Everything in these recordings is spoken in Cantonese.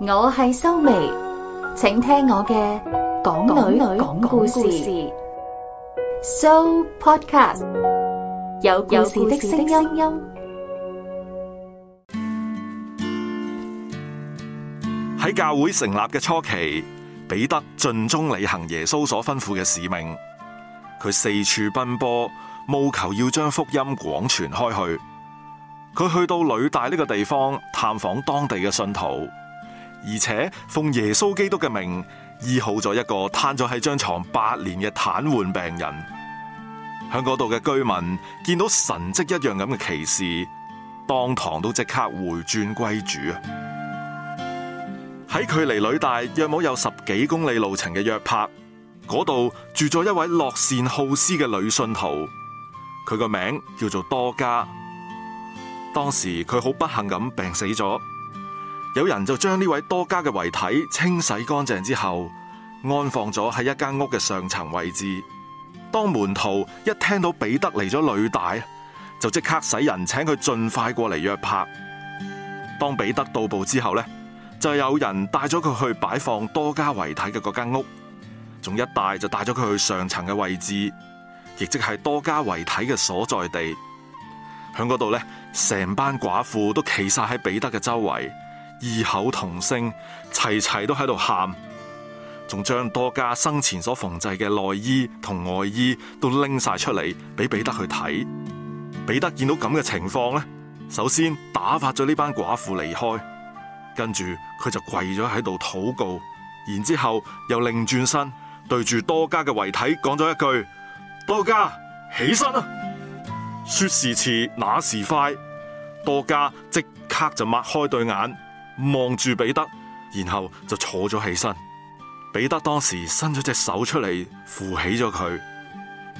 我係修眉，請聽我嘅講女女講故事。So podcast 有故事的聲音。喺教會成立嘅初期，彼得盡忠履行耶穌所吩咐嘅使命，佢四處奔波，務求要將福音廣傳開去。佢去到呂大呢個地方探訪當地嘅信徒。而且奉耶穌基督嘅名醫好咗一個癱咗喺張床八年嘅癱瘓病人，喺嗰度嘅居民見到神蹟一樣咁嘅奇事，當堂都即刻回轉歸主。喺距離呂大約冇有十幾公里路程嘅約帕，嗰度住咗一位樂善好施嘅女信徒，佢個名叫做多加。當時佢好不幸咁病死咗。有人就將呢位多加嘅遺體清洗乾淨之後，安放咗喺一間屋嘅上層位置。當門徒一聽到彼得嚟咗呂大，就即刻使人請佢盡快過嚟約拍。當彼得到步之後呢，就有人帶咗佢去擺放多加遺體嘅嗰間屋，仲一帶就帶咗佢去上層嘅位置，亦即係多加遺體嘅所在地。喺嗰度呢，成班寡婦都企晒喺彼得嘅周圍。異口同聲，齊齊都喺度喊，仲將多加生前所縫製嘅內衣同外衣都拎晒出嚟，俾彼得去睇。彼得見到咁嘅情況咧，首先打發咗呢班寡婦離開，跟住佢就跪咗喺度禱告，然之後又擰轉身對住多加嘅遺體講咗一句：多加，起身啊！說時遲，那時快，多加即刻就擘開對眼。望住彼得，然後就坐咗起身。彼得當時伸咗隻手出嚟扶起咗佢，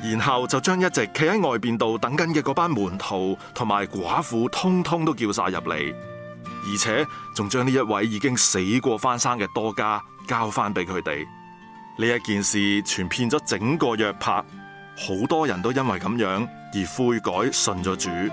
然後就將一直企喺外邊度等緊嘅嗰班門徒同埋寡婦通通都叫晒入嚟，而且仲將呢一位已經死過翻生嘅多加交翻俾佢哋。呢一件事傳遍咗整個約帕，好多人都因為咁樣而悔改信咗主。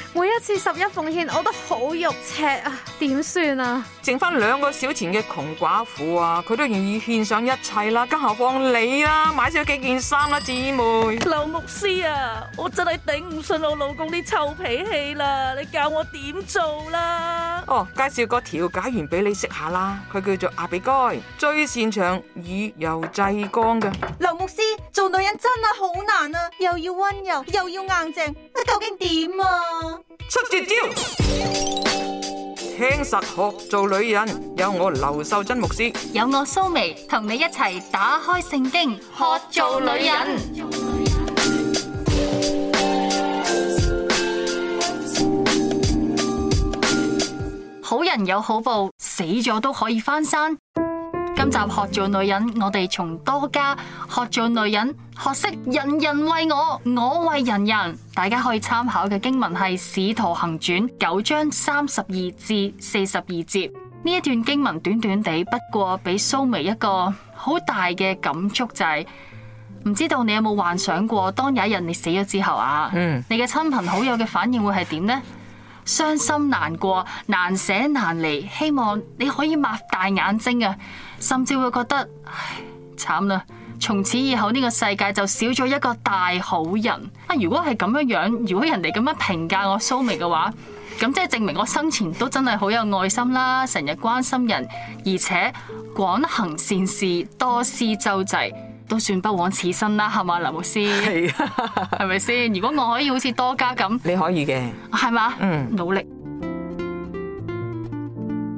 每一次十一奉獻，我都好肉赤啊！點算啊？剩翻兩個小錢嘅窮寡婦啊，佢都願意獻上一切啦，更何況你啦，買少幾件衫啦，姊妹。劉牧師啊，我真係頂唔順我老公啲臭脾氣啦，你教我點做啦？哦，介紹個調解員俾你識下啦，佢叫做亞比該，最擅長以柔制剛嘅。劉牧師，做女人真係好難啊，又要溫柔，又要硬淨，你究竟點啊？出絕招，聽實學做女人，有我劉秀珍牧師，有我蘇眉，同你一齊打開聖經學做女人。好人有好報，死咗都可以翻生。今集學做女人，我哋從多家學做女人，學識人人為我，我為人人。大家可以參考嘅經文係《使徒行傳》九章三十二至四十二節。呢一段經文短短地，不過俾蘇眉一個好大嘅感觸，就係、是、唔知道你有冇幻想過，當有一日你死咗之後啊，嗯，你嘅親朋好友嘅反應會係點呢？傷心難過難捨難離，希望你可以擘大眼睛啊！甚至會覺得唉，慘啦，從此以後呢個世界就少咗一個大好人啊！如果係咁樣樣，如果人哋咁樣評價我蘇眉嘅話，咁即係證明我生前都真係好有愛心啦，成日關心人，而且廣行善事，多思周濟。都算不枉此生啦，係嘛，劉牧師，係咪先？如果我可以好似多加咁，你可以嘅，係嘛吧，嗯，努力。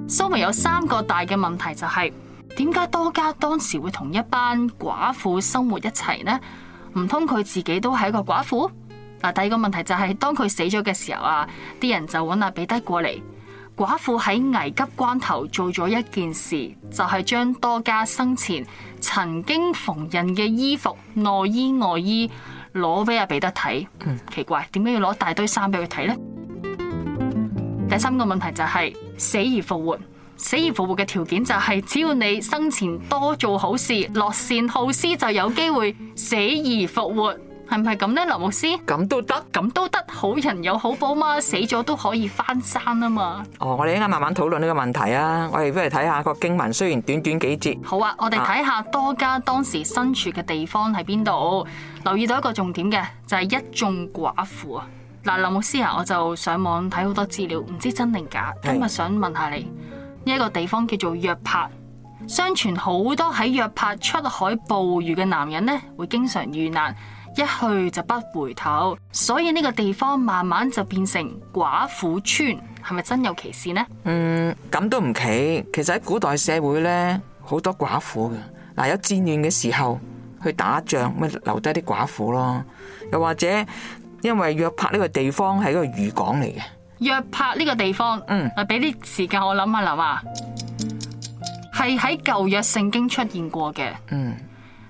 蘇梅有三個大嘅問題，就係，就係點解多加當時會同一班寡婦生活一齊呢？唔通佢自己都係一個寡婦？嗱，第二個問題就係，係，當佢死咗嘅時候啊，啲人就揾阿彼得過嚟。寡婦喺危急關頭做咗一件事，就係將多家生前曾經縫紉嘅衣服，內衣，外衣攞俾阿彼得睇。嗯，奇怪，點解要攞大堆衫俾佢睇呢？第三個問題就係死而復活。死而復活嘅條件就係只要你生前多做好事，樂善好施，就有機會死而復活。係咪咁呢？林牧師？咁都得，咁都得，好人有好報嘛，死咗都可以翻生啊嘛。哦，我哋依家慢慢討論呢個問題啊。我哋不如睇下個經文，雖然短短幾節。好啊，我哋睇下多加當時身處嘅地方喺邊度。啊、留意到一個重點嘅就係、是、一眾寡婦啊。嗱，林牧師啊，我就上網睇好多資料，唔知道真定假。今日想問一下你呢一是個地方叫做約帕，相傳好多喺約帕出海捕魚嘅男人呢，會經常遇難。一去就不回頭，所以呢個地方慢慢就變成寡婦村，係咪真有其事呢？嗯，咁都唔奇，其實喺古代社會呢，好多寡婦嘅嗱，有戰亂嘅時候去打仗，咪留低啲寡婦咯，又或者因為約拍呢個地方係一個漁港嚟嘅，約拍呢個地方，嗯，啊，俾啲時間我諗下諗下，係喺舊約聖經出現過嘅，嗯。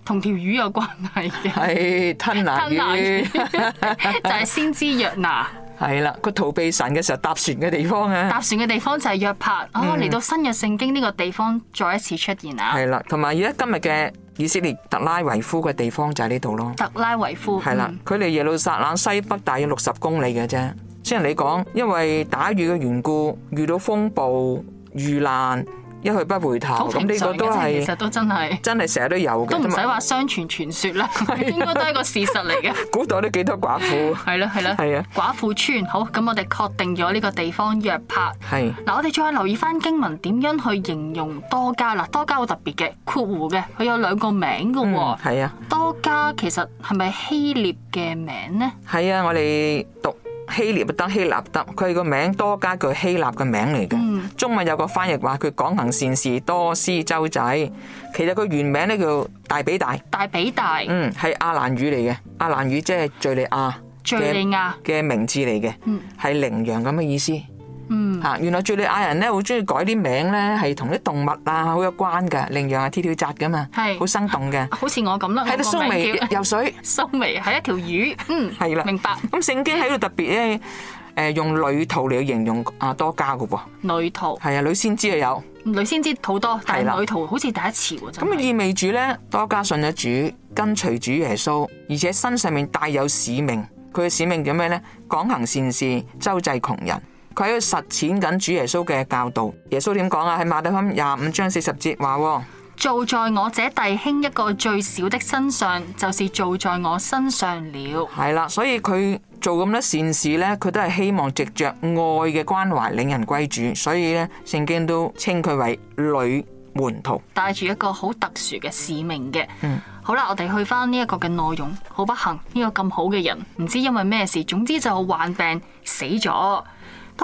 同條魚有關係嘅，係吞拿魚，吞拿魚 就係先知約拿。係啦，佢逃避神嘅時候搭船嘅地方啊。搭船嘅地方就係約帕。嗯、哦，嚟到新約聖經呢個地方再一次出現啊。係啦，同埋而家今日嘅以色列特拉維夫嘅地方就喺呢度咯。特拉維夫係啦，佢離的、嗯、耶路撒冷西北大約六十公里嘅啫。雖然你講，因為打魚嘅緣故，遇到風暴遇難。一去不回頭，咁呢個都係，其實都真係成日都有的，都唔使話相傳傳說啦，啊、 應該都係個事實嚟嘅。古代都幾多寡婦，係咯係咯係啊！啊啊寡婦村，好咁我哋確定咗呢個地方約帕。係嗱、啊，我哋再留意翻經文點樣去形容多加嗱，多加好特別嘅括弧嘅，佢有兩個名㗎喎。係、嗯、啊，多加其實係咪希臘嘅名呢？係啊，我哋讀。希臘得，希臘得。佢個名多加句希臘嘅名嚟嘅。嗯、中文有個翻譯話佢廣行善事，多施周濟。其實佢原名咧叫大比大，大比大，嗯，係阿蘭語嚟嘅，阿蘭語即係敘利亞嘅敘利亞嘅名字嚟嘅，係羚、嗯、羊咁嘅意思。嗯，吓，原來敘利亞人咧好中意改啲名咧，係同啲動物啊好有關噶，羚羊啊，跳跳紮噶嘛，係好生動嘅，好似我咁啦，係啦，蘇眉游水，蘇眉係一條魚，嗯，係啦的，明白咁。聖經喺度特別咧，誒用女徒嚟形容啊多加嘅，女徒係啊，女先知啊有女先知好多，但係女徒好似第一次咁的意味住咧，多加信咗主，跟隨主耶穌，而且身上面帶有使命，佢嘅使命叫咩咧？廣行善事，周濟窮人。佢喺度實踐緊主耶穌嘅教導，耶穌說，耶穌點講啊？喺馬太福音廿五章四十節話：做在我這弟兄一個最小的身上，就是做在我身上了。係啦，所以佢做咁多善事呢，佢都係希望藉着愛嘅關懷，令人歸主。所以呢，聖經都稱佢為女門徒，帶住一個好特殊嘅使命嘅。嗯，好啦，我哋去翻呢一個嘅內容。好不幸，呢、這個咁好嘅人唔知因為咩事，總之就患病死咗。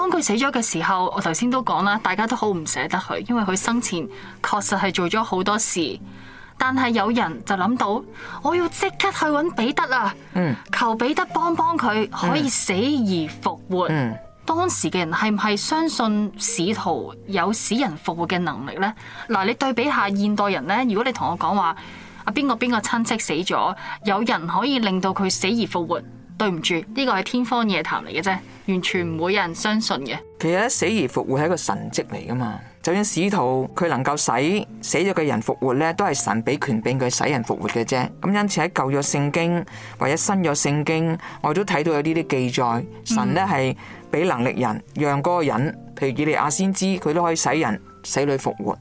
當佢死咗嘅時候，我頭先都講啦，大家都好唔捨得佢，因為佢生前確實係做咗好多事。但係有人就諗到，我要即刻去搵彼得啊，嗯、求彼得幫幫佢，可以死而復活。嗯嗯、當時嘅人係唔係相信使徒有使人復活嘅能力呢？嗱，你對比下現代人呢，如果你同我講話啊，邊個邊個親戚死咗，有人可以令到佢死而復活。對唔住，呢個係天方夜譚嚟嘅啫，完全唔會有人相信嘅。其實死而復活係一個神蹟嚟噶嘛，就算使徒佢能夠使死咗嘅人復活咧，都係神俾權柄佢使人復活嘅啫。咁因此喺舊約聖經或者新約聖經，我都睇到有呢啲記載，神咧係俾能力人讓嗰個人，譬如以利亞先知，佢都可以使人死裏復活，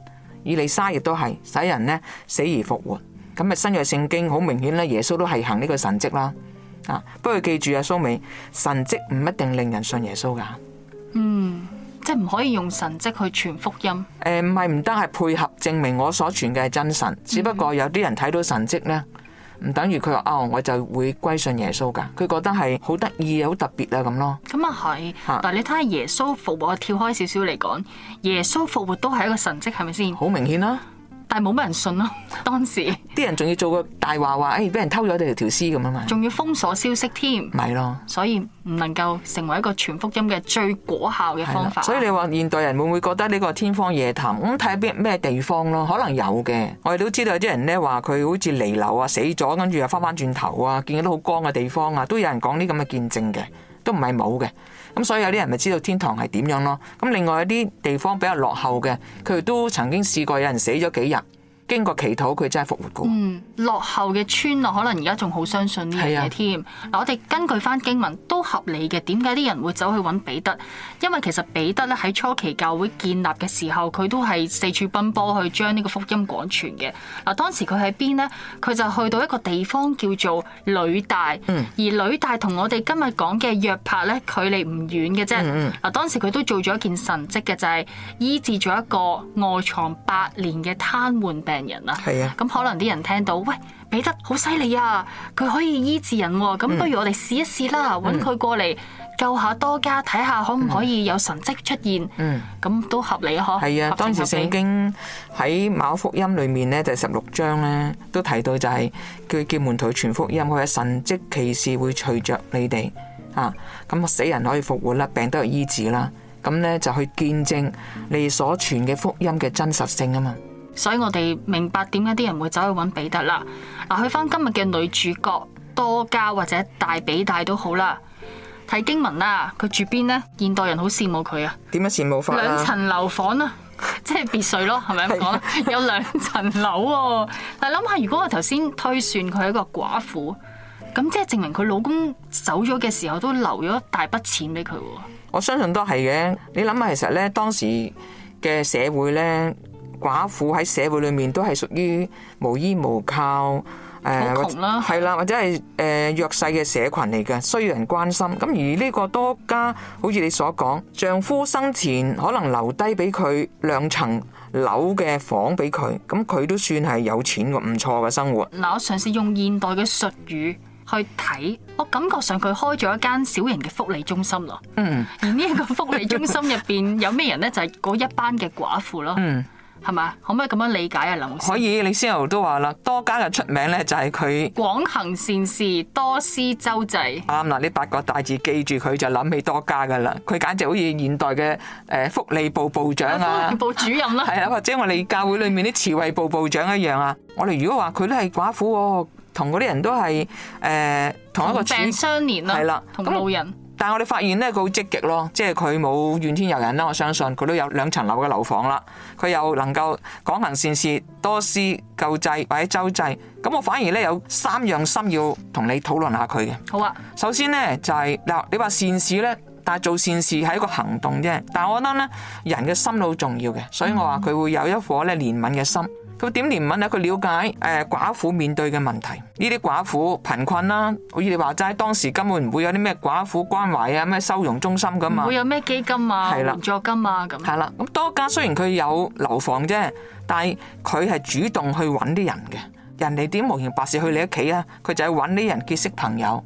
以利沙亦都係使人呢死而復活。咁啊，新約聖經好明顯咧，耶穌都係行呢個神蹟啦。不過記住啊，蘇美神蹟唔一定令人信耶穌噶，嗯，即係唔可以用神蹟去傳福音。誒、嗯，唔係唔得，係配合證明我所傳嘅係真神。只不過有啲人睇到神蹟咧，唔等於佢話哦，我就會歸信耶穌噶。佢覺得係好得意好特別啊咁咯。咁啊係，但係你睇下耶穌復活，我跳開少少嚟講，耶穌復活都係一個神蹟，係咪先？好明顯啦，啊。但係冇乜人信咯。當時啲 人仲要做個大話話，誒，俾人偷咗條條屍，咁啊嘛，仲要封鎖消息添，係咯了，所以唔能夠成為一個傳福音嘅最果效嘅方法。所以你話現代人會唔會覺得呢個天方夜譚，咁睇下邊咩地方咯？可能有嘅，我哋都知道有啲人咧，話佢好似離流啊，死咗，跟住又翻翻轉頭啊，見到都好光嘅地方啊，都有人講啲咁嘅見證嘅，都唔係冇嘅。咁所以有啲人咪知道天堂係點樣咯，咁另外一啲地方比較落後嘅，佢哋都曾經試過有人死咗幾日。經過祈禱，佢真係復活過。嗯、落後嘅村落可能而家仲好相信呢樣嘢添。嗱是、啊嗯，我哋根據翻經文都合理嘅。點解啲人會走去揾彼得？因為其實彼得咧喺初期教會建立嘅時候，佢都係四處奔波去將呢個福音廣傳嘅。嗱，當時佢喺邊呢？佢就去到一個地方叫做呂大，嗯、而呂大同我哋今日講嘅約拍約帕咧距離唔遠嘅啫。嗱、嗯嗯，當時佢都做咗一件神跡嘅，就係、是、醫治咗一個卧牀八年嘅癱瘓病。人啦，係啊，咁、啊、可能啲人聽到喂，彼得好犀利啊，佢可以醫治人、啊，咁不如我哋試一試啦，搵佢、嗯、過嚟救下多家，睇下可唔可以有神跡出現，咁、嗯、都合理嗬。係啊，啊合合當時聖經喺馬可福音裏面咧，就十六章咧都提到就係佢叫門徒傳福音，或者神跡奇事會隨着你哋啊，咁死人可以復活啦，病都得醫治啦，咁咧就去見證你所傳嘅福音嘅真實性啊嘛。所以我哋明白點解啲人會走去揾彼得啦。嗱，去返今日嘅女主角多加或者大比大都好啦。睇經文啦、啊，佢住邊呢？現代人好羨慕佢啊！點樣羨慕法啊？兩層樓房啊，即係別墅咯，係咪咁講？ 有兩層樓喎、哦。但係諗下，如果我頭先推算佢係一個寡婦，咁即係證明佢老公走咗嘅時候都留咗一大筆錢俾佢喎。我相信都係嘅。你諗下，其實呢，當時嘅社會呢。寡婦喺社會裏面都係屬於無依無靠，誒，窮啦、係啦、呃，或者係誒、呃、弱勢嘅社群嚟嘅，需要人關心。咁而呢個多家，好似你所講，丈夫生前可能留低俾佢兩層樓嘅房俾佢，咁佢都算係有錢個唔錯嘅生活。嗱，我嘗試用現代嘅術語去睇，我感覺上佢開咗一間小型嘅福利中心咯。嗯，而呢一個福利中心入邊 有咩人呢？就係、是、嗰一班嘅寡婦咯。嗯。係嘛？可唔可以咁樣理解啊？林老師可以，李先生都話啦，多加嘅出名咧，就係佢廣行善事，多施周濟。啱啦，呢八個大字記住佢就諗起多加噶啦。佢簡直好似現代嘅誒福利部部長啊，福利部主任啦，啊，係啦， 或者我哋教會裏面啲慈惠部部長一樣啊。我哋如果話佢都係寡婦、哦，同嗰啲人都係誒、呃、同一個同病相連啦、啊，係啦的，同路人。但係我哋發現咧，佢好積極咯，即係佢冇怨天尤人啦。我相信佢都有兩層樓嘅樓房啦，佢又能夠講行善事，多施救濟或者周濟。咁我反而咧有三樣心要同你討論下佢嘅。好啊，首先咧就係嗱，你話善事咧，但係做善事係一個行動啫。但我覺得咧，人嘅心好重要嘅，所以我話佢會有一顆咧憐憫嘅心。佢點憐憫咧？佢了解誒、呃、寡婦面對嘅問題，呢啲寡婦貧困啦、啊。好似你話齋，當時根本唔會有啲咩寡婦關懷啊？咩收容中心㗎嘛？會有咩基金啊？援助金啊咁？係啦，咁多家雖然佢有樓房啫，但係佢係主動去揾啲人嘅。人哋點無端白事去你屋企啊？佢就係揾啲人結識朋友，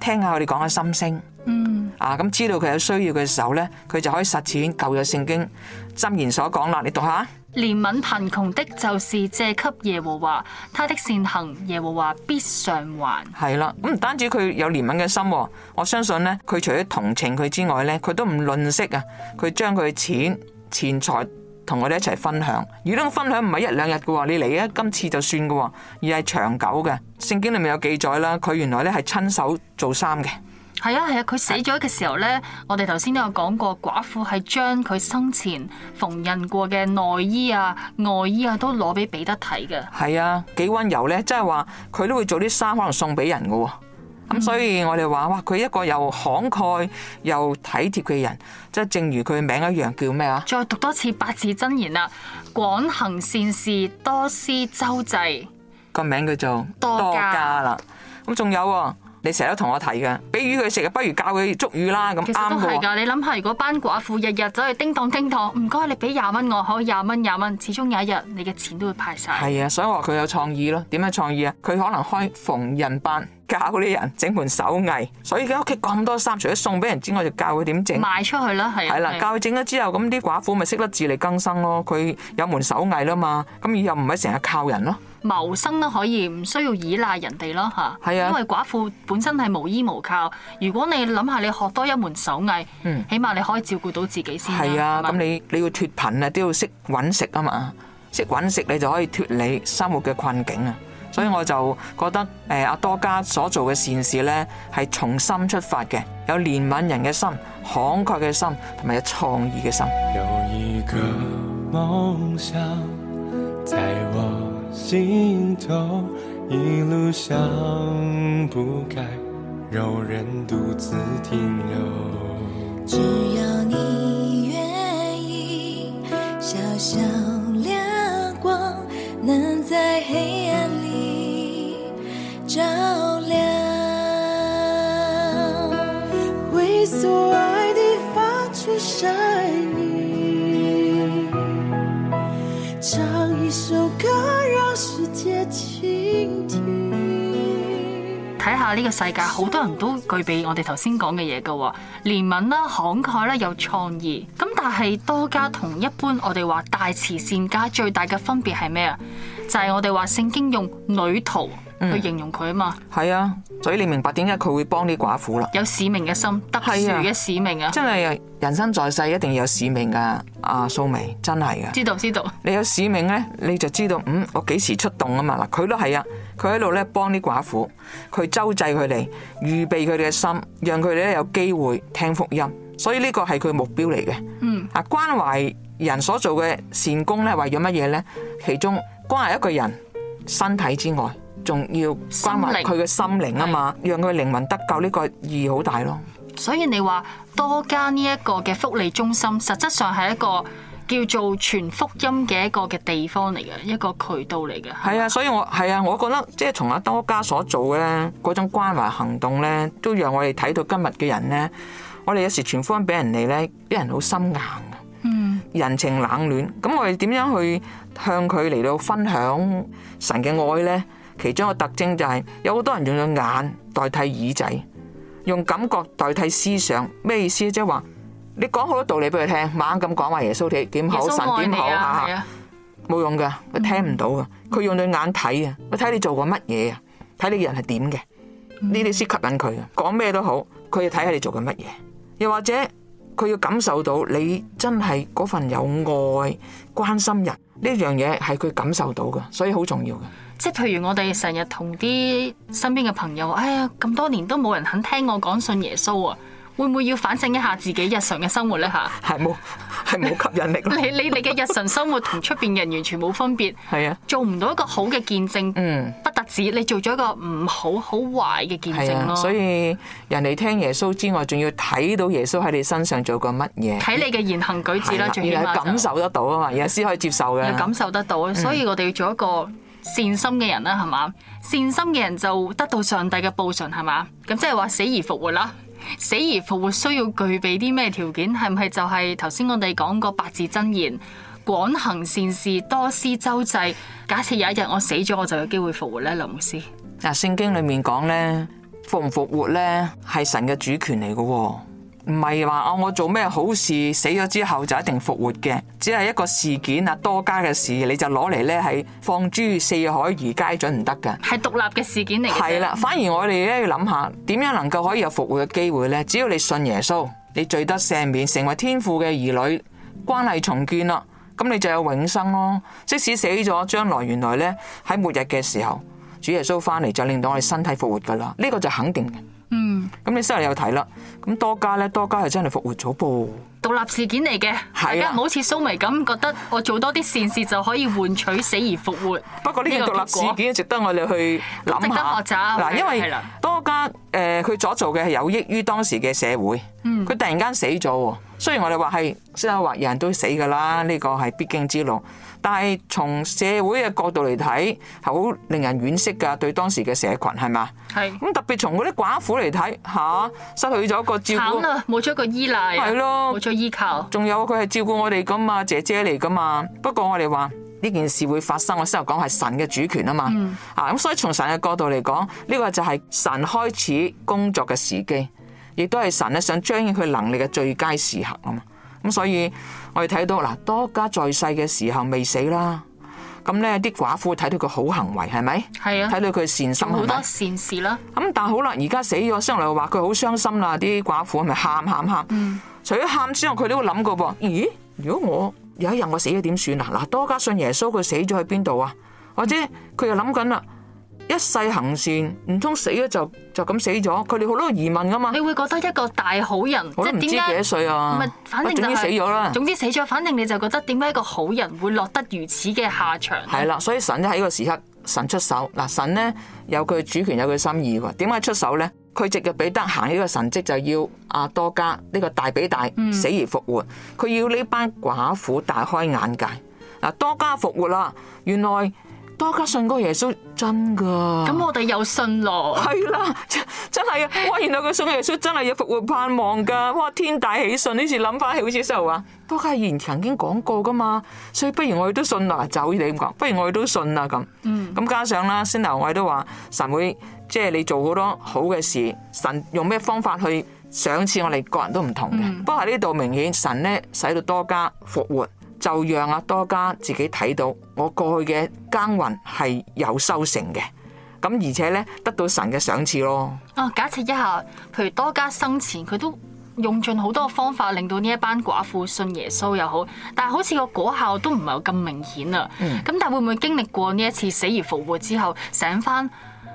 聽下我哋講嘅心聲。嗯，啊咁知道佢有需要嘅時候咧，佢就可以實踐舊約聖經箴言所講啦。你讀下。憐憫貧窮的，就是借給耶和華，他的善行耶和華必償還。係啦，咁唔單止佢有憐憫嘅心，我相信呢，佢除咗同情佢之外呢，佢都唔吝嗇啊！佢將佢嘅錢、錢財同我哋一齊分享。而呢種分享唔係一兩日嘅，你嚟啊，今次就算嘅，而係長久嘅。聖經裏面有記載啦，佢原來呢係親手做衫嘅。係啊係啊，佢、啊、死咗嘅時候呢，啊、我哋頭先都有講過，寡婦係將佢生前縫紉過嘅內衣啊、外衣啊都攞俾彼得睇嘅。係啊，幾溫柔呢，即係話佢都會做啲衫可能送俾人嘅。咁所以我哋話哇，佢一個又慷慨又體貼嘅人，即係正如佢名字一樣叫咩啊？再讀多次八字真言啦，廣行善事，多施周濟。個名叫做多加啦。咁仲家有、啊。你成日都同我提嘅，俾魚佢食，不如教佢捉魚啦咁。其實都係噶，你諗下，如果班寡婦日日走去叮當叮當，唔該你俾廿蚊我，可以廿蚊廿蚊，始終有一日你嘅錢都會派晒。係啊，所以話佢有創意咯。點樣創意啊？佢可能開縫紉班。教嗰啲人整門手藝，所以佢屋企咁多衫，除咗送俾人之外，就教佢點整。賣出去啦，係。係啦，教佢整咗之後，咁啲寡婦咪識得自力更生咯。佢有門手藝啦嘛，咁又唔係成日靠人咯。謀生都可以，唔需要依賴人哋咯嚇。係啊的，因為寡婦本身係無依無靠，如果你諗下你學多一門手藝，嗯，起碼你可以照顧到自己先。係啊，咁你你要脱貧啊，都要識揾食啊嘛，識揾食你就可以脱你生活嘅困境啊。所以我就覺得誒阿、呃、多加所做嘅善事呢，係從心出發嘅，有憐憫人嘅心，慷慨嘅心，同埋有創意嘅心。有一個夢想在我心頭一路想不開，不該有人獨自停留只要你願意小小亮光能在黑呢個世界，好多人都具備我哋頭先講嘅嘢嘅喎，憐憫啦、慷慨啦、有創意。咁但係多加同一般我哋話大慈善家最大嘅分別係咩啊？就係、是、我哋話聖經用女徒去形容佢啊嘛。係、嗯、啊，所以你明白點解佢會幫啲寡婦啦？有使命嘅心，特殊嘅使命啊！啊真係人生在世一定要有使命噶、啊，阿蘇眉真係嘅。知道知道，你有使命咧，你就知道嗯，我幾時出動啊嘛。嗱，佢都係啊。佢喺度咧幫啲寡婦，佢周濟佢哋，預備佢哋嘅心，讓佢哋咧有機會聽福音。所以呢個係佢目標嚟嘅。嗯，啊關懷人所做嘅善功咧，為咗乜嘢咧？其中關懷一個人身體之外，仲要關懷佢嘅心靈啊嘛，靈讓佢靈魂得救，呢個意義好大咯。所以你話多加呢一個嘅福利中心，實質上係一個。叫做傳福音嘅一個嘅地方嚟嘅，一個渠道嚟嘅。係啊，所以我係啊，我覺得即係從阿多加所做嘅咧，嗰種關懷行動咧，都讓我哋睇到今日嘅人咧，我哋有時傳福音俾人哋咧，啲人好心硬嘅。嗯，人情冷暖，咁我哋點樣去向佢嚟到分享神嘅愛咧？其中一個特徵就係、是、有好多人用咗眼代替耳仔，用感覺代替思想，咩意思？即係話。就是你講好多道理俾佢聽，猛咁講話耶穌點好神點好下下，冇用噶，佢聽唔到噶，佢用對眼睇啊，我睇你做過乜嘢啊，睇你人係點嘅，呢啲先吸引佢啊。講咩都好，佢要睇下你做緊乜嘢，又或者佢要感受到你真係嗰份有愛關心人呢樣嘢，係佢感受到噶，所以好重要噶。即係譬如我哋成日同啲身邊嘅朋友，哎呀咁多年都冇人肯聽我講信耶穌啊。會唔會要反省一下自己日常嘅生活咧？吓，係冇，係冇吸引力。 你，你哋嘅日常生活同出邊人完全冇分別。係啊，做唔到一個好嘅見證，嗯、不得止你做咗一個唔好好壞嘅見證咯、啊。所以人哋聽耶穌之外，仲要睇到耶穌喺你身上做過乜嘢，睇你嘅言行舉止啦，仲、啊就是、要感受得到啊嘛，先可以接受嘅感受得到。所以我哋要做一個善心嘅人啦，係嘛、嗯、善心嘅人就得到上帝嘅報信，係嘛，咁即係話死而復活啦。死而復活需要具備啲咩條件？係唔係就係頭先我哋講過八字真言，廣行善事、多施周濟。假設有一日我死咗，我就有機會復活咧，劉牧師。嗱，聖經裏面講咧，復唔復活咧係神嘅主權嚟嘅。唔係話我做咩好事死咗之後就一定復活嘅，只係一個事件啊，多加嘅事你就攞嚟係放諸四海而皆準唔得噶係獨立嘅事件嚟。係啦，反而我哋咧要諗下點樣能夠可以有復活嘅機會呢？只要你信耶穌，你罪得赦免，成為天父嘅兒女，關係重建啦，咁你就有永生咯。即使死咗，將來原來呢，喺末日嘅時候，主耶穌翻嚟就令到我哋身體復活噶啦，呢個就肯定嘅。嗯，咁你先又有睇啦，咁多家咧，多家係真係復活咗噃，獨立事件嚟嘅，是啊、大家唔好似蘇眉咁，覺得我做多啲善事就可以換取死而復活。不過呢件獨立事件值得我哋去諗下，值得學習，嗱，啊啊啊、因為多家誒，佢、呃、所做嘅係有益於當時嘅社會，嗯，佢突然間死咗，雖然我哋話係，即係話人都死噶啦，呢、這個係必經之路。但係從社會嘅角度嚟睇，係好令人惋惜噶，對當時嘅社群係嘛？係。咁是特別從嗰啲寡婦嚟睇，吓、啊嗯、失去咗一個照顧，冇咗一個依賴，係咯的，冇咗依靠。仲有佢係照顧我哋噶嘛，姐姐嚟噶嘛。不過我哋話呢件事會發生，我先頭講係神嘅主權啊嘛。嗯、啊，咁所以從神嘅角度嚟講，呢、這個就係神開始工作嘅時機，亦都係神咧想彰顯佢能力嘅最佳時刻啊嘛。咁所以我哋睇到嗱，多加在世嘅時候未死啦，咁咧啲寡婦睇到佢好行為係咪？係啊，睇到佢善心好多善事啦。咁但係好啦，而家死咗，將嚟話佢好傷心啦，啲寡婦係咪喊喊喊。嗯，除咗喊之外，佢都會諗過噃。咦，如果我有一日我死咗點算啊？嗱，多加信耶穌，佢死咗喺邊度啊？或者佢又諗緊啦。一世行善，唔通死咗就就咁死咗？佢哋好多疑問噶嘛？你會覺得一個大好人，即唔知幾多歲啊？唔係，反正就係總之死咗。反正你就覺得點解一個好人會落得如此嘅下場？係啦，所以神喺呢個時刻神出手嗱，神咧有佢主權，有佢心意。點解出手咧？佢直接俾彼得行呢個神蹟，就要阿多加呢個大比大，嗯、死而復活。佢要呢班寡婦大開眼界嗱，多加復活啦，原來。多加信嗰個耶穌真噶，咁我哋又信咯，係啦，真係係啊！哇，原來佢信耶穌真係要復活盼望噶，哇，天大喜信！呢次諗翻起好似神話，多加言曾經講過噶嘛，所以不如我哋都信啦，走你咁講，不如我哋都信啦咁。咁、嗯、加上啦，先頭我哋都話神會即係你做好多好嘅事，神用咩方法去賞賜我哋個人都唔同嘅。嗯、不過喺呢度明顯神咧使到多加復活。就讓阿多加自己睇到，我過去嘅耕耘係有收成嘅，咁而且咧得到神嘅賞賜咯。啊，假設一下，譬如多加生前佢都用盡好多方法令到呢一班寡婦信耶穌又好，但係好似個果效都唔係咁明顯啊。咁但係會唔會經歷過呢一次死而復活之後醒翻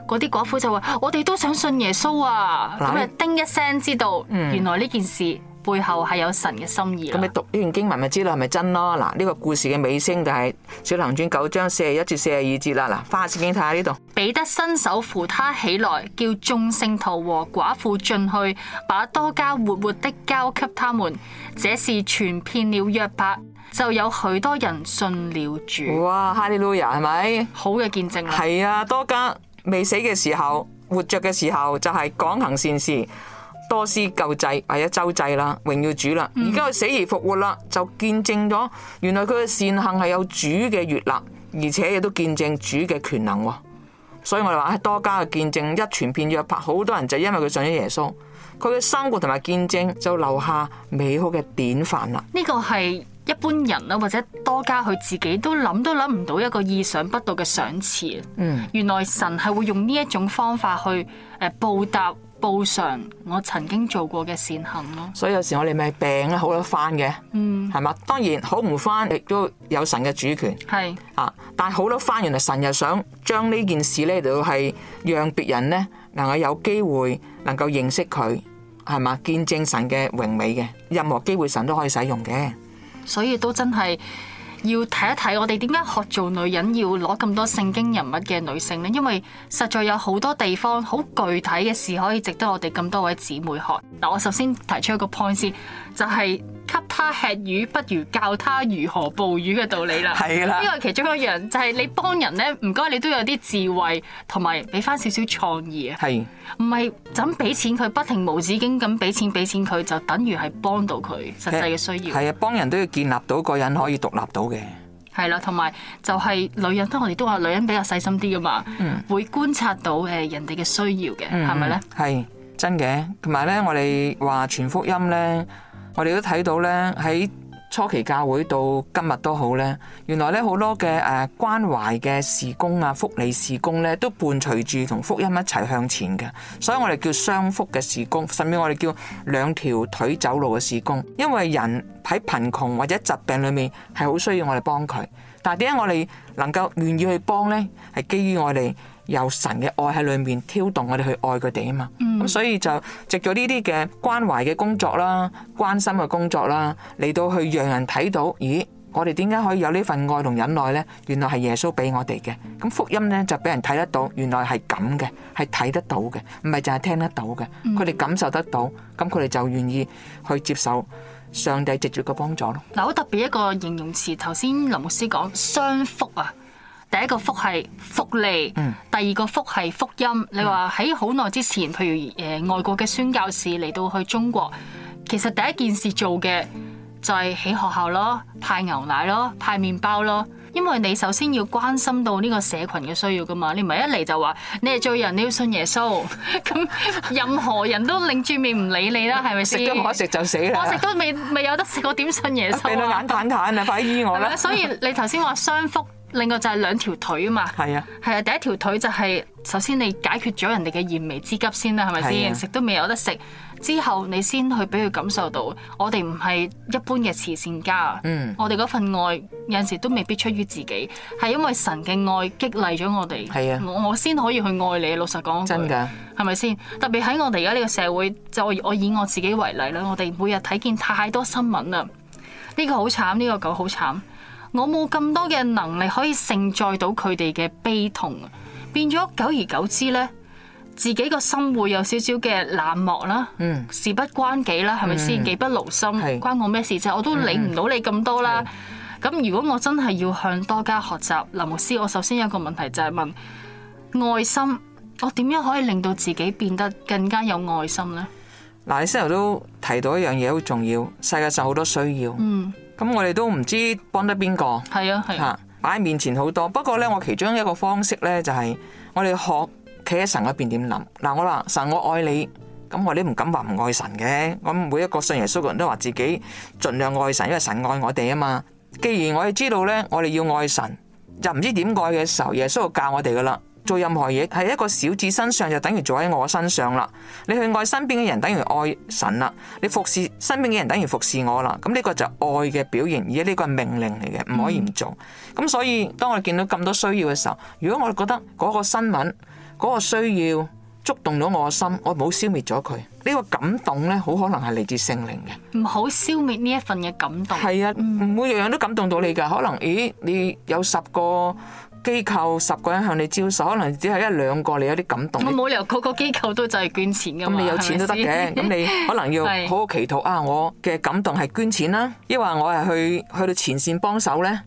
嗰啲寡婦就話：我哋都想信耶穌啊！咁啊、嗯，叮一聲知道原來呢件事。背後係有神嘅心意。咁你讀呢段經文咪知道係咪真咯？嗱，呢個故事嘅尾聲就係《小林傳》九章四十一至四十二節啦。嗱，花師姐睇下呢度。彼得伸手扶他起來，叫眾聖徒和寡婦進去，把多加活活的交給他們。這事傳遍了約帕，就有許多人信了主。哇！哈利路亞，係咪？好嘅見證啊！係啊，多加未死嘅時候，活着嘅時候就係講行善事。多施救濟或者周濟啦，榮耀主啦。而家佢死而復活啦，就見證咗原來佢嘅善行係有主嘅悅納，而且亦都見證主嘅權能。所以我哋話咧，多加嘅見證一傳遍約帕，好多人就因為佢信咗耶穌，佢嘅生活同埋見證就留下美好嘅典範啦。呢個係一般人啦，或者多加佢自己都諗都諗唔到一個意想不到嘅賞賜。嗯，原來神係會用呢一種方法去誒報答。報償我曾經做過嘅善行咯，所以有時我哋咪病咧好多翻嘅，嗯，係嘛？當然好唔翻，亦都有神嘅主權。係是啊，但係好多翻，原來神又想將呢件事咧，就係讓別人咧能夠有機會能夠認識佢，係嘛？見證神嘅榮美嘅，任何機會神都可以使用嘅，所以都真係。要睇一睇我哋點解學做女人要攞咁多聖經人物嘅女性呢？因為實在有好多地方好具體嘅事可以值得我哋咁多位姊妹學。嗱，我首先提出一個 point 先，就係。，給他吃魚，不如教他如何捕魚嘅道理啦。係啦，呢個其中一樣，就係、是、你幫人咧。唔該，你都有啲智慧同埋俾翻少少創意啊。係唔係？咁俾錢佢，不停無止境咁俾錢俾錢佢，就等於係幫到佢實際嘅需要。係啊，幫人都要建立到個人可以獨立到嘅。係啦，同埋就係女人，我哋都話女人比較細心啲噶嘛，嗯、會觀察到誒人哋嘅需要嘅，係咪咧？係真嘅，同埋咧，我哋話全福音咧。我哋都睇到呢，喺初期教會到今日都好呢。原來呢好多嘅誒關懷嘅事工啊，福利事工呢，都伴隨住同福音一齊向前嘅。所以我哋叫雙福嘅事工，甚至我哋叫兩條腿走路嘅事工。因為人喺貧窮或者疾病裏面係好需要我哋幫佢。但係點解我哋能夠願意去幫呢？係基於我哋。由神嘅愛喺裏面挑動我哋去愛佢哋啊嘛，咁所以就藉咗呢啲嘅關懷嘅工作啦、關心嘅工作啦，嚟到去讓人睇到，咦，我哋點解可以有呢份愛同忍耐呢？原來係耶穌俾我哋嘅，咁福音呢就俾人睇得到，原來係咁嘅，係睇得到嘅，唔係淨係聽得到嘅，佢哋感受得到，咁佢哋就願意去接受上帝直接嘅幫助咯。嗱，好特別一個形容詞，頭先林牧師講雙福啊。第一個福係福利，第二個福係福音。你話喺好耐之前，譬如誒外國嘅宣教士嚟到去中國，其實第一件事做嘅就係喺學校咯，派牛奶咯，派麵包咯。因為你首先要關心到呢個社群嘅需要噶嘛，你唔係一嚟就話你係罪人，你要信耶穌。咁任何人都擰住面唔理你啦，係咪先？食都冇得食就死啦，食都未未有得食，我點信耶穌啊？你老眼淡淡啊，快啲醫我啦！所以你頭先話雙福。另外就係兩條腿啊嘛，係啊，係啊，第一條腿就係首先你解決咗人哋嘅燃眉之急先啦，係咪先？啊，食都未有得食，之後你先去俾佢感受到，我哋唔係一般嘅慈善家，嗯，我哋嗰份愛有陣時都未必出於自己，係因為神嘅愛激勵咗我哋，係啊，我先可以去愛你。老實講，真㗎，係咪先？特別喺我哋而家呢個社會，就我，我以我自己為例啦，我哋每日睇見太多新聞啦，呢個好慘，呢個狗好慘。我冇咁多嘅能力可以盛載到佢哋嘅悲痛，變咗久而久之呢，自己個心會有少少嘅冷漠啦，嗯，事不關己啦，係咪先？己不勞心，關我咩事啫？我都理唔到你咁多啦。咁如果我真係要向多家學習，林牧師，我首先有個問題就係問愛心，我點樣可以令到自己變得更加有愛心呢？嗱，你先頭都提到一樣嘢好重要，世界上好多需要。咁我哋都唔知幫得邊個，吓擺喺面前好多。不過咧，我其中一個方式咧就係、是、我哋學企喺神嗰邊點諗。嗱，我話神，我愛你。咁我哋唔敢話唔愛神嘅。咁每一個信耶穌嘅人都話自己盡量愛神，因為神愛我哋啊嘛。既然我哋知道咧，我哋要愛神，就唔知點愛嘅時候，耶穌教我哋噶啦。做任何嘢，喺一個小子身上就等於做喺我身上啦。你去愛身邊嘅人，等於愛神啦。你服侍身邊嘅人，等於服侍我啦。咁呢個就愛嘅表現，而且呢個係命令嚟嘅，唔可以唔做。咁、嗯、所以當我哋見到咁多需要嘅時候，如果我哋覺得嗰個新聞、嗰、嗰個需要觸動咗我嘅心，我唔好消滅咗佢呢個感動呢，好可能係嚟自聖靈嘅。唔好消滅呢一份嘅感動。係啊，唔會樣樣都感動到你噶。可能咦，你有十個。機構十個人向你招手，可能只係一兩個你有啲感動。我冇理由個個機構都就係捐錢，咁你有錢都得嘅。咁你可能要好好祈禱 是啊！我嘅感動係捐錢啦，抑或我係去去到前線幫手呢。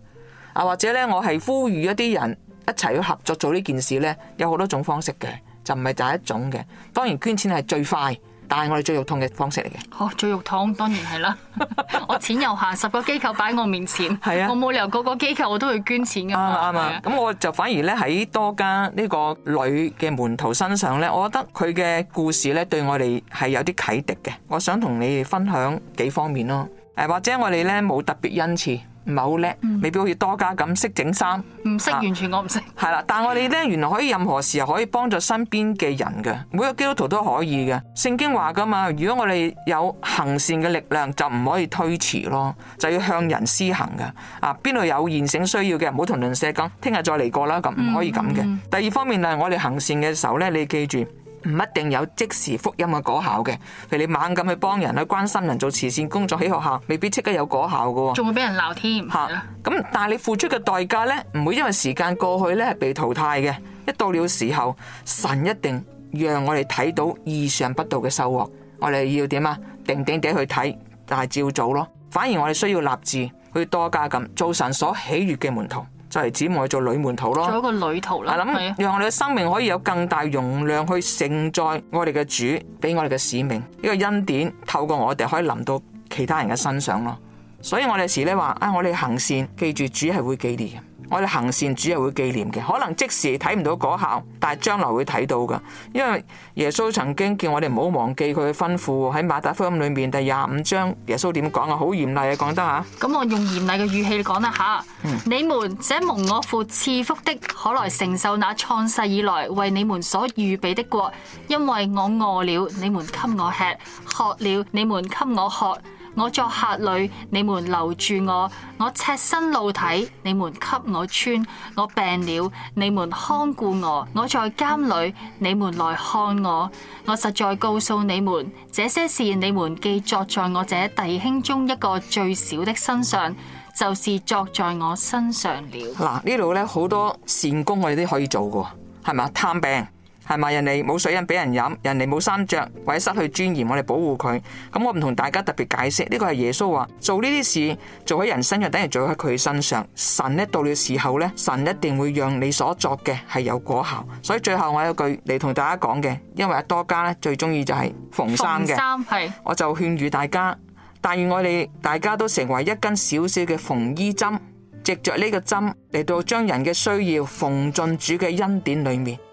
啊，或者呢，我係呼籲一啲人一齊去合作做呢件事呢，有好多種方式嘅，就唔係第一種嘅。當然捐錢係最快。但係我哋最肉痛嘅方式嚟嘅，哦，最肉痛當然係啦， 我錢有限， 十個機構擺我面前，啊、我冇理由個個機構我都會捐錢嘅，啱嘛啱嘛，咁我就反而咧喺多家呢個女嘅門徒身上咧，我覺得佢嘅故事咧對我哋係有啲啟迪嘅，我想同你哋分享幾方面咯，誒或者我哋咧冇特別恩賜。唔係好叻，未必好似多加咁識整衫，唔識、嗯啊、完全我唔識。係啦，但係我哋咧，原來可以任何時候可以幫助身邊嘅人嘅，每個基督徒都可以嘅。聖經話噶嘛，如果我哋有行善嘅力量，就唔可以推遲咯，就要向人施行嘅。啊，邊度有現成需要嘅，唔好同鄰舍講，聽日再嚟過啦，咁唔可以咁嘅。嗯嗯、第二方面呢，我哋行善嘅時候咧，你記住。唔一定有即時福音嘅果效嘅，譬如，你猛咁去幫人、去關心人、做慈善工作喺學校，未必即刻有果效嘅，仲會俾人鬧添。吓的，咁但係你付出嘅代價呢，唔會因為時間過去呢係被淘汰嘅。一到了時候，神一定讓我哋睇到意想不到嘅收穫。我哋要點啊？定定地去睇，但係照做咯。反而我哋需要立志去多加咁做神所喜悅嘅門徒。就係指我哋做女門徒咯，做一個女徒啦。我諗，讓我哋嘅生命可以有更大容量去承載我哋嘅主，俾我哋嘅使命呢，這個恩典，透過我哋可以臨到其他人嘅身上咯。所以我哋有時咧話，啊，哎，我哋行善，記住主係會記念嘅。我哋行善主係會紀念嘅，可能即時睇唔到嗰效，但係將來會睇到噶。因為耶穌曾經叫我哋唔好忘記佢嘅吩咐喺馬太福音裏面第廿五章，耶穌點講啊？好嚴厲嘅講得吓！咁我用嚴厲嘅語氣嚟講啦吓，嗯、你們這蒙我父賜福的，可來承受那創世以來為你們所預備的國，因為我餓了，你們給我吃；渴了，你們給我喝。我作客旅，你們留住我；我赤身露體，你們給我穿。我病了，你們看顧我；我在監裏，你們來看我。我實在告訴你們，這些事你們既作在我這弟兄中一個最小的身上，就是作在我身上了。嗱，呢度咧好多善功，我哋都可以做噶，係咪啊？探病。係咪人哋冇水飲俾人飲，人哋冇衫着，或者失去尊嚴，我哋保護佢。咁我唔同大家特別解釋呢個係耶穌話做呢啲事，做喺人身上，等於做喺佢身上。神呢到了時候呢神一定會讓你所作嘅係有果效。所以最後我有句嚟同大家講嘅，因為阿多加呢最中意就係縫衫嘅，衫係，我就勸喻大家，但願我哋大家都成為一根小小嘅縫衣針，藉着呢個針嚟到將人嘅需要縫進主嘅恩典裏面。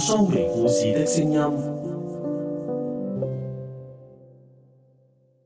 收尾故事的聲音。